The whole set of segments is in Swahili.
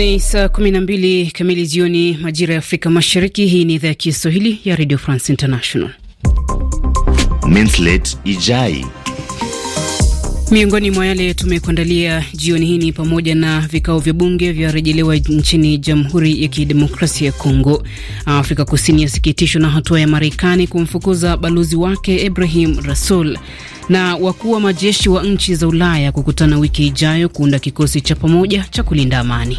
Ni saa 12 kamili jioni majira ya Afrika Mashariki. Hii ni idhaa ya Kiswahili ya Radio France International. Mintlet Ijai. Miongoni mwa yale tumekuandalia jioni hii ni pamoja na vikao vya bunge vyarejelewa nchini Jamhuri ya Kidemokrasia ya Kongo. Afrika Kusini yasikitishwa na hatua ya Marekani kumfukuza balozi wake Ibrahim Rasul, na wakuu wa majeshi wa nchi za Ulaya kukutana wiki ijayo kuunda kikosi cha pamoja cha kulinda amani.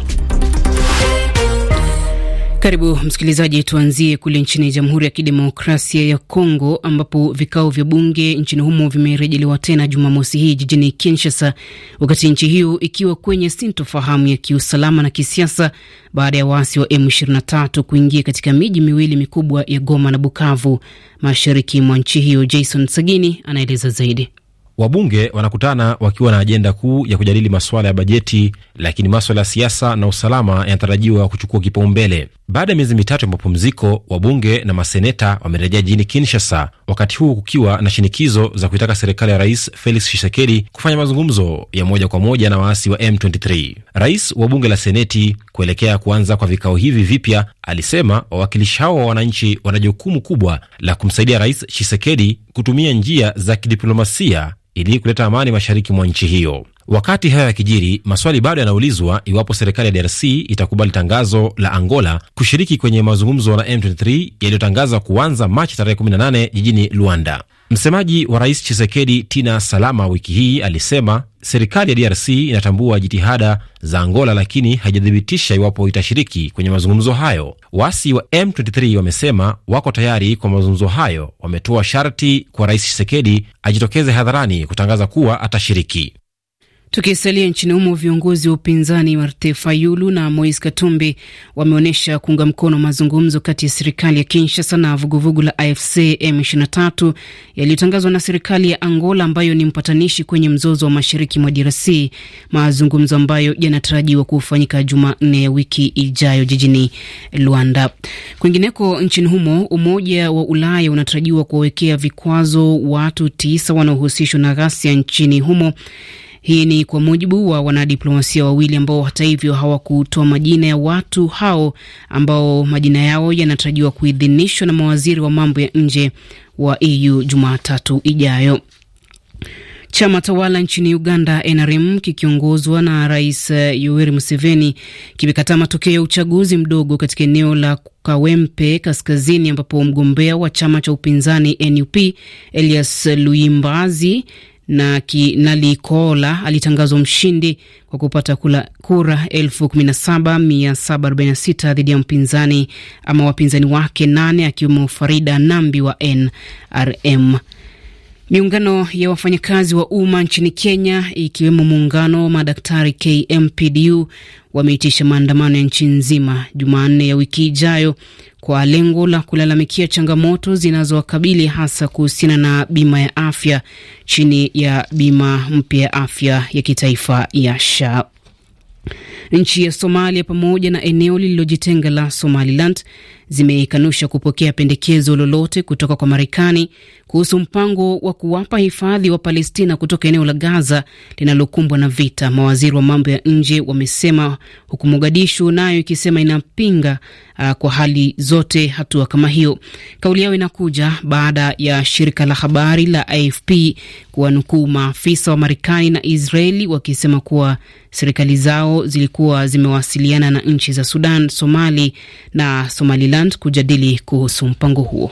Karibu msikilizaji, tuanzie kule nchini Jamhuri ya Kidemokrasia ya Kongo ambapo vikao vya bunge nchini humo vimerejelewa tena Jumamosi hii jijini Kinshasa, wakati nchi hiyo ikiwa kwenye sintofahamu ya kiusalama na kisiasa baada ya waasi wa M23 kuingia katika miji miwili mikubwa ya Goma na Bukavu, mashariki mwa nchi hiyo. Jason Sagini anaeleza zaidi. Wabunge wanakutana wakiwa na ajenda kuu ya kujadili masuala ya bajeti, lakini maswala ya siasa na usalama yanatarajiwa kuchukua kipaumbele. Baada ya miezi mitatu ya mapumziko, wabunge na maseneta wamerejea jijini Kinshasa, wakati huu kukiwa na shinikizo za kuitaka serikali ya Rais Felix Tshisekedi kufanya mazungumzo ya moja kwa moja na waasi wa M23. Rais wa bunge la seneti, kuelekea kuanza kwa vikao hivi vipya, alisema wawakilishi hao wa wananchi wana jukumu kubwa la kumsaidia Rais Tshisekedi kutumia njia za kidiplomasia ili kuleta amani mashariki mwa nchi hiyo. Wakati haya yakijiri, maswali bado yanaulizwa iwapo serikali ya DRC itakubali tangazo la Angola kushiriki kwenye mazungumzo na M23 yaliyotangazwa kuanza Machi tarehe 18 jijini Luanda. Msemaji wa rais Chisekedi, Tina Salama, wiki hii alisema serikali ya DRC inatambua jitihada za Angola, lakini haijathibitisha iwapo itashiriki kwenye mazungumzo hayo. Waasi wa M23 wamesema wako tayari kwa mazungumzo hayo. Wametoa sharti kwa rais Chisekedi ajitokeze hadharani kutangaza kuwa atashiriki. Tukisalia nchini humo, viongozi wa upinzani Martin Fayulu na mois Katumbi wameonyesha kuunga mkono mazungumzo kati ya serikali ya Kinshasa na vuguvugu la AFC M23 yaliyotangazwa na serikali ya Angola ambayo ni mpatanishi kwenye mzozo wa mashariki mwa DRC, mazungumzo ambayo yanatarajiwa kufanyika Jumanne ya wiki ijayo jijini Luanda. Kwingineko nchini humo, Umoja wa Ulaya unatarajiwa kuwawekea vikwazo watu tisa wanaohusishwa na ghasia nchini humo hii ni kwa mujibu wa wanadiplomasia wawili ambao hata hivyo hawakutoa majina ya watu hao ambao majina yao yanatarajiwa kuidhinishwa na mawaziri wa mambo ya nje wa EU Jumatatu ijayo. Chama tawala nchini Uganda, NRM, kikiongozwa na Rais Yoweri Museveni kimekataa matokeo ya uchaguzi mdogo katika eneo la Kawempe Kaskazini, ambapo mgombea wa chama cha upinzani NUP Elias Luimbazi na Kinali Koola alitangazwa mshindi kwa kupata kula kura 17746 dhidi ya mpinzani ama wapinzani wake nane akiwemo Farida Nambi wa NRM. Miungano ya wafanyakazi wa umma nchini Kenya ikiwemo muungano wa madaktari KMPDU wameitisha maandamano ya nchi nzima Jumanne ya wiki ijayo kwa lengo la kulalamikia changamoto zinazowakabili hasa kuhusiana na bima ya afya chini ya bima mpya ya afya ya kitaifa ya SHA. Nchi ya Somalia pamoja na eneo lililojitenga la Somaliland zimeikanusha kupokea pendekezo lolote kutoka kwa Marekani kuhusu mpango wa kuwapa hifadhi wa Palestina kutoka eneo la Gaza linalokumbwa na vita, mawaziri wa mambo ya nje wamesema, huku Mogadishu nayo ikisema inapinga uh, kwa hali zote hatua kama hiyo. Kauli yao inakuja baada ya shirika la habari la AFP kuwanukuu maafisa wa Marekani na Israeli wakisema kuwa serikali zao zilikuwa zimewasiliana na nchi za Sudan, Somali na Somaliland Ireland kujadili kuhusu mpango huo.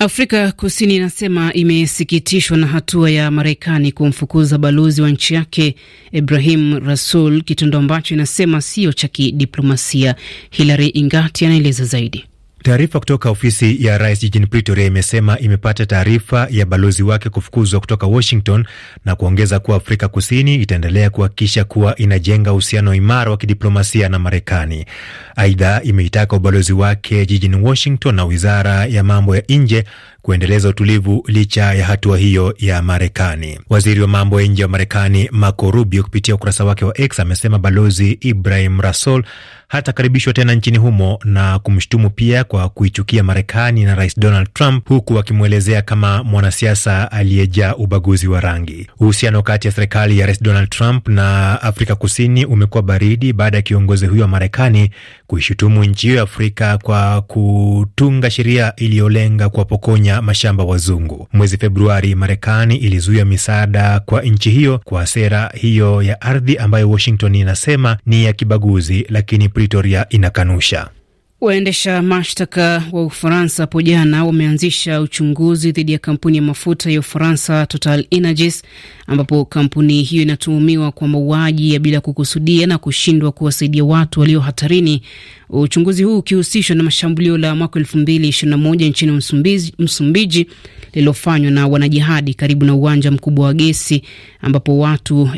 Afrika Kusini inasema imesikitishwa na hatua ya Marekani kumfukuza balozi wa nchi yake Ibrahim Rasul, kitendo ambacho inasema sio cha kidiplomasia. Hilary Ingati anaeleza zaidi. Taarifa kutoka ofisi ya rais jijini Pretoria imesema imepata taarifa ya balozi wake kufukuzwa kutoka Washington na kuongeza kuwa Afrika Kusini itaendelea kuhakikisha kuwa inajenga uhusiano imara wa kidiplomasia na Marekani. Aidha, imeitaka ubalozi wake jijini Washington na wizara ya mambo ya nje kuendeleza utulivu licha ya hatua hiyo ya Marekani. Waziri wa mambo ya nje wa Marekani Marco Rubio kupitia ukurasa wake wa X amesema Balozi Ibrahim Rasool hatakaribishwa tena nchini humo na kumshutumu pia kwa kuichukia Marekani na Rais Donald Trump, huku akimwelezea kama mwanasiasa aliyejaa ubaguzi wa rangi. Uhusiano kati ya serikali ya Rais Donald Trump na Afrika Kusini umekuwa baridi baada ya kiongozi huyo wa Marekani kuishutumu nchi hiyo ya Afrika kwa kutunga sheria iliyolenga kuwapokonya mashamba wazungu. Mwezi Februari, Marekani ilizuia misaada kwa nchi hiyo kwa sera hiyo ya ardhi ambayo Washington inasema ni ya kibaguzi, lakini Pretoria inakanusha. Waendesha mashtaka wa Ufaransa hapo jana wameanzisha uchunguzi dhidi ya kampuni ya mafuta ya Ufaransa Total Energies, ambapo kampuni hiyo inatuhumiwa kwa mauaji ya bila kukusudia na kushindwa kuwasaidia watu walio hatarini, uchunguzi huu ukihusishwa na mashambulio la mwaka moja nchini Msumbiji, lililofanywa na wanajihadi karibu na uwanja mkubwa wa gesi ambapo watu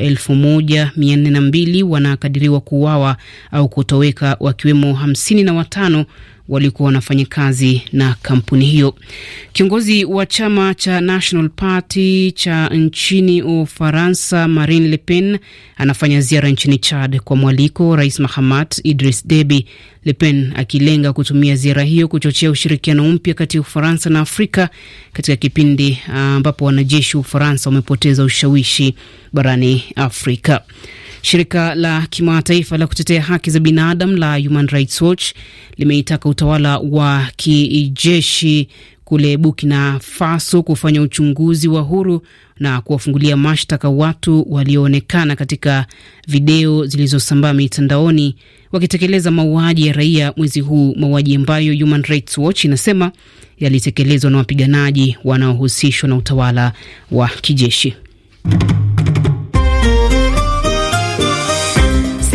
mbili wanakadiriwa kuuawa au kutoweka wakiwemo 55 watano walikuwa wanafanya kazi na kampuni hiyo. Kiongozi wa chama cha National Party cha nchini Ufaransa, Marine Le Pen, anafanya ziara nchini Chad kwa mwaliko Rais Mahamat Idris Deby. Le Pen akilenga kutumia ziara hiyo kuchochea ushirikiano mpya kati ya Ufaransa na Afrika katika kipindi ah, ambapo wanajeshi wa Ufaransa wamepoteza ushawishi barani Afrika. Shirika la kimataifa la kutetea haki za binadamu la Human Rights Watch limeitaka utawala wa kijeshi kule Burkina Faso kufanya uchunguzi wa huru na kuwafungulia mashtaka watu walioonekana katika video zilizosambaa mitandaoni wakitekeleza mauaji ya raia mwezi huu, mauaji ambayo Human Rights Watch inasema yalitekelezwa na wapiganaji wanaohusishwa na utawala wa kijeshi.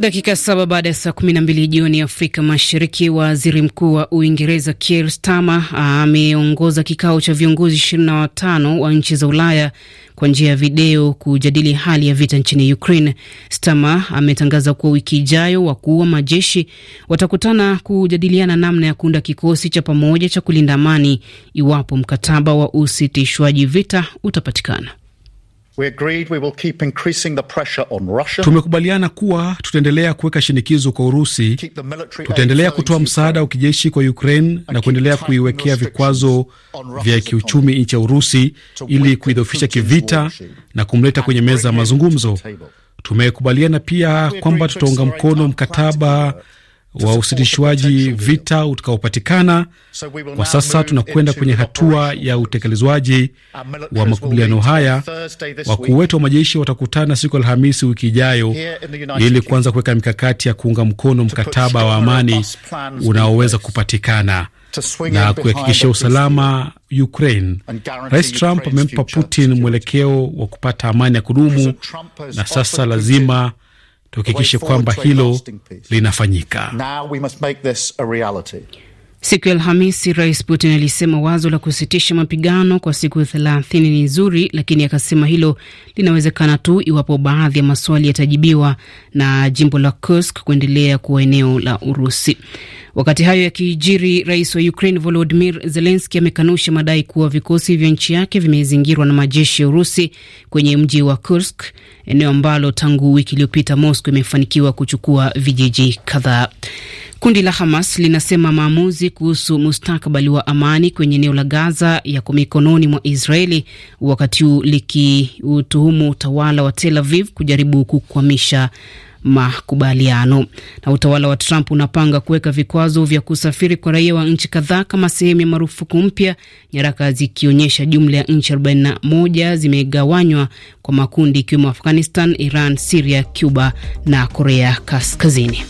Dakika saba baada ya saa kumi na mbili jioni Afrika Mashariki, waziri mkuu wa Uingereza Keir Starmer ameongoza kikao cha viongozi ishirini na watano wa nchi za Ulaya kwa njia ya video kujadili hali ya vita nchini Ukraine. Starmer ametangaza kuwa wiki ijayo wakuu wa majeshi watakutana kujadiliana namna ya kuunda kikosi cha pamoja cha kulinda amani iwapo mkataba wa usitishwaji vita utapatikana. Tumekubaliana kuwa tutaendelea kuweka shinikizo kwa Urusi, tutaendelea kutoa msaada wa kijeshi kwa Ukraine na kuendelea kuiwekea vikwazo vya kiuchumi nchi ya Urusi ili kuidhofisha kivita na kumleta kwenye meza ya mazungumzo. Tumekubaliana pia kwamba tutaunga mkono mkataba wa usitishwaji vita utakaopatikana. Kwa sasa tunakwenda kwenye hatua ya utekelezwaji wa makubaliano haya. Wakuu wetu wa majeshi watakutana siku Alhamisi wiki ijayo ili kuanza kuweka mikakati ya kuunga mkono mkataba wa amani unaoweza kupatikana na kuhakikishia usalama Ukraine. Rais Trump amempa Putin mwelekeo wa kupata amani ya kudumu, na sasa lazima Tuhakikishe kwamba hilo linafanyika. Siku ya Alhamisi, Rais Putin alisema wazo la kusitisha mapigano kwa siku thelathini ni nzuri, lakini akasema hilo linawezekana tu iwapo baadhi ya maswali yatajibiwa na jimbo la Kursk kuendelea kuwa eneo la Urusi. Wakati hayo yakijiri, rais wa Ukraine Volodimir Zelenski amekanusha madai kuwa vikosi vya nchi yake vimezingirwa na majeshi ya Urusi kwenye mji wa Kursk, eneo ambalo tangu wiki iliyopita Moscow imefanikiwa kuchukua vijiji kadhaa. Kundi la Hamas linasema maamuzi kuhusu mustakabali wa amani kwenye eneo la Gaza yako mikononi mwa Israeli, wakati huu likiutuhumu utawala wa Tel Aviv kujaribu kukwamisha makubaliano. Na utawala wa Trump unapanga kuweka vikwazo vya kusafiri kwa raia wa nchi kadhaa kama sehemu ya marufuku mpya, nyaraka zikionyesha jumla ya nchi 41 zimegawanywa kwa makundi, ikiwemo Afghanistan, Iran, Siria, Cuba na Korea Kaskazini.